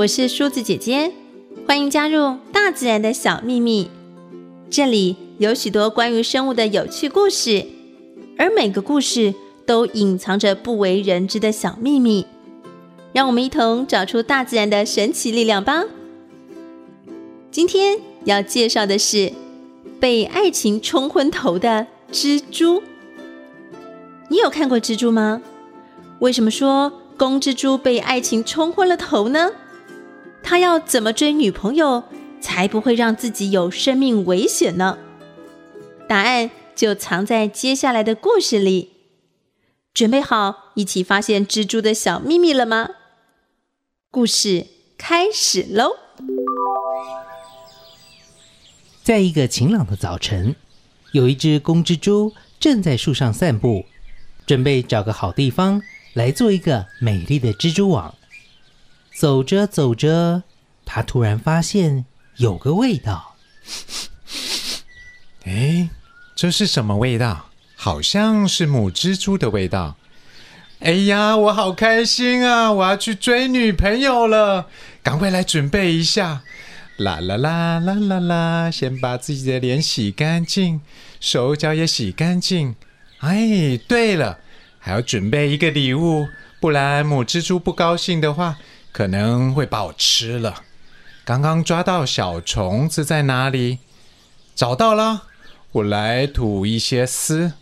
我是梳子姐姐，歡迎加入大自然的小祕密。這裡有許多關於生物的有趣故事，而每個故事都隱藏着不為人知的小祕密。讓我們一同找出大自然的神奇力量吧。今天要介紹的是被愛情沖昏頭的蜘蛛。你有看過蜘蛛嗎？為什麼說公蜘蛛被愛情沖昏了頭呢？他要怎麼追女朋友，才不會讓自己有生命危險呢？答案就藏在接下來的故事裡。準備好一起發現蜘蛛的小秘密了嗎？故事開始嘍！在一個晴朗的早晨，有一隻公蜘蛛正在樹上散步，準備找個好地方來做一個美麗的蜘蛛網。走着走着，他突然發現有個味道。哎，這是什麼味道？好像是母蜘蛛的味道。哎呀，我好開心啊！我要去追女朋友了，趕快來準備一下。啦啦啦啦啦啦，先把自己的臉洗乾淨，手腳也洗乾淨。哎，對了，還要準備一個禮物，不然母蜘蛛不高興的話可能會把我吃了。剛剛抓到小蟲子在哪裡？找到了，我來吐一些絲，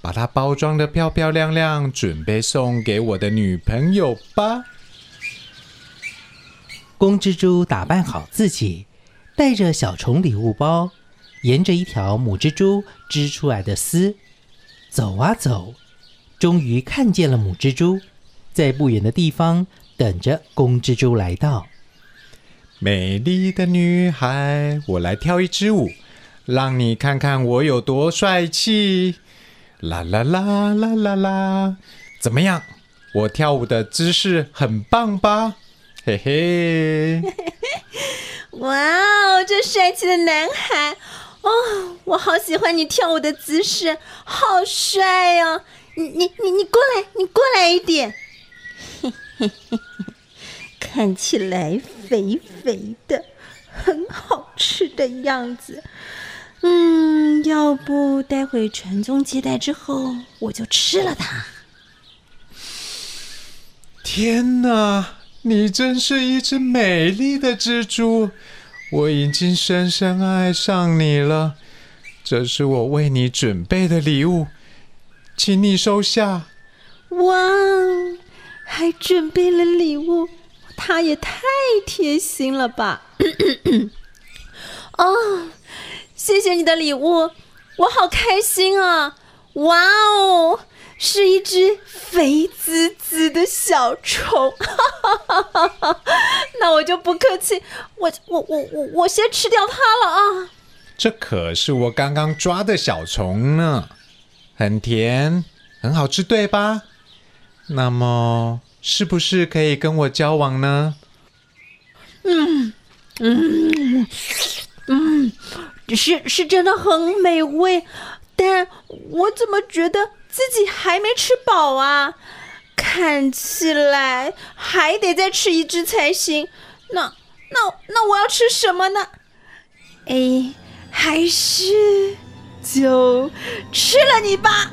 把它包裝得漂漂亮亮，準備送給我的女朋友吧。公蜘蛛打扮好自己，帶着小蟲禮物包，沿着一條母蜘蛛織出來的絲走啊走，終於看見了母蜘蛛，在不遠的地方等着公蜘蛛來到。美麗的女孩，我來跳一支舞，讓你看看我有多帥氣。啦啦啦啦啦啦，怎麼樣？我跳舞的姿勢很棒吧？嘿嘿。嘿嘿嘿。哇哦，這帥氣的男孩哦，我好喜歡你跳舞的姿勢，好帥哦。你你你你過來，你過來一點。嘿嘿嘿，看起來肥肥的，很好吃的樣子。嗯，要不待會傳宗接代之後，我就吃了它。天哪，你真是一隻美麗的蜘蛛，我已經深深愛上你了。這是我為你準備的禮物，請你收下。哇！還準備了禮物，他也太貼心了吧！啊、 哦，謝謝你的禮物，我好開心啊！哇哦，是一隻肥滋滋的小蟲， 那我就不客氣，我我我我我先吃掉它了啊！這可是我剛剛抓的小蟲呢，很甜，很好吃，對吧？那麼，是不是可以跟我交往呢？嗯嗯嗯，是是真的很美味，但我怎麼覺得自己還沒吃飽啊？看起來還得再吃一隻才行。那那那我要吃什麼呢？哎，還是就吃了你吧！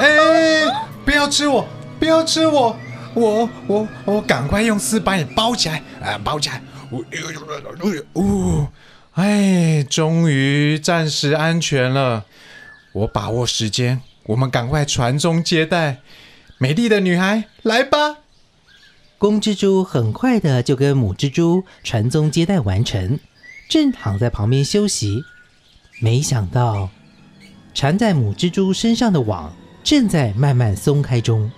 哎、 欸，不要吃我！不要吃我！我我我，趕快用絲把你包起來！啊，包起來！我、呃，哎、呃呃呃呃呃呃呃，終於暫時安全了。我把握時間，我們趕快傳宗接代。美麗的女孩，來吧！公蜘蛛很快的就跟母蜘蛛傳宗接代完成，正躺在旁邊休息。沒想到，纏在母蜘蛛身上的網正在慢慢鬆開中。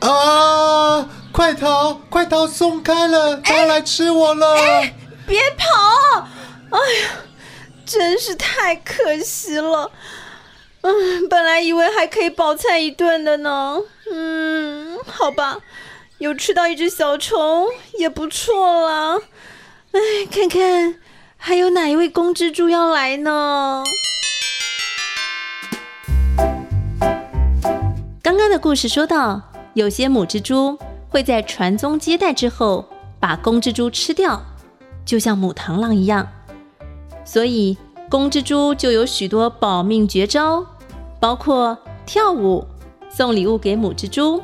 啊！快逃！快逃！鬆開了，牠要來吃我了、欸欸！別跑！哎呀，真是太可惜了。嗯，本來以為還可以飽餐一頓的呢。嗯，好吧，有吃到一隻小蟲也不錯啦。哎，看看還有哪一位公蜘蛛要來呢？剛剛的故事說到，有些母蜘蛛會在傳宗接代之後把公蜘蛛吃掉，就像母螳螂一樣，所以公蜘蛛就有許多保命絕招，包括跳舞、送禮物給母蜘蛛，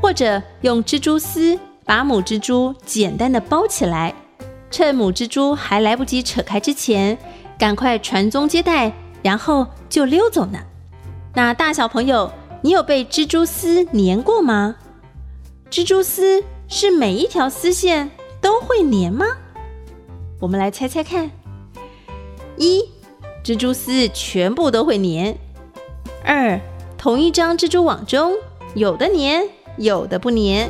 或者用蜘蛛絲把母蜘蛛簡單的包起來，趁母蜘蛛還來不及扯開之前，趕快傳宗接代，然後就溜走呢。那大小朋友，你有被蜘蛛絲粘過嗎？蜘蛛絲是每一條絲線都會粘嗎？我們來猜猜看：一，蜘蛛絲全部都會粘；二，同一張蜘蛛網中，有的粘，有的不粘。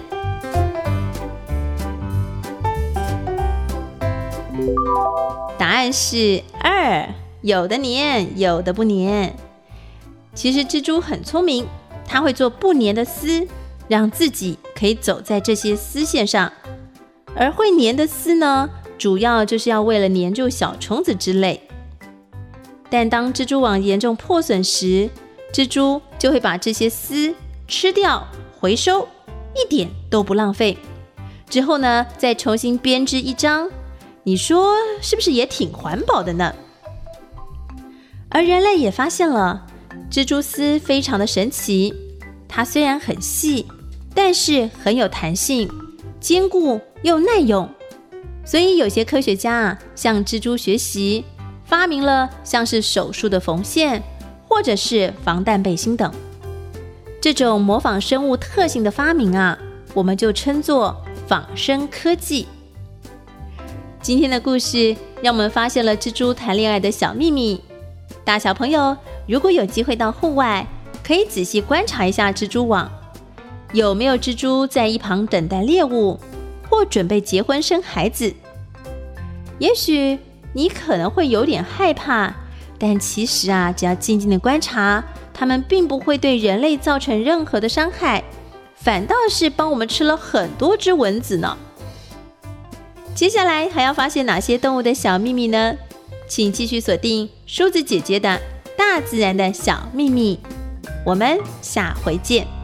答案是二，有的粘，有的不粘。其實蜘蛛很聰明。它會做不粘的絲，讓自己可以走在這些絲線上；而會粘的絲呢，主要就是要為了粘住小蟲子之類。但當蜘蛛網嚴重破損時，蜘蛛就會把這些絲吃掉、回收，一點都不浪費。之後呢，再重新編織一張，你說是不是也挺環保的呢？而人類也發現了。蜘蛛絲非常的神奇，它雖然很細，但是很有彈性，堅固又耐用。所以有些科學家啊，向蜘蛛學習，發明了像是手術的縫線，或者是防彈背心等。這種模仿生物特性的發明啊，我們就稱作仿生科技。今天的故事讓我們發現了蜘蛛談戀愛的小秘密，大小朋友，如果有機會到戶外，可以仔細觀察一下蜘蛛網，有沒有蜘蛛在一旁等待獵物，或準備結婚生孩子？也許你可能會有點害怕，但其實啊，只要靜靜的觀察，它們並不會對人類造成任何的傷害，反倒是幫我們吃了很多隻蚊子呢。接下來還要發現哪些動物的小秘密呢？請繼續鎖定梳子姐姐的大自然的小秘密，我們下回見。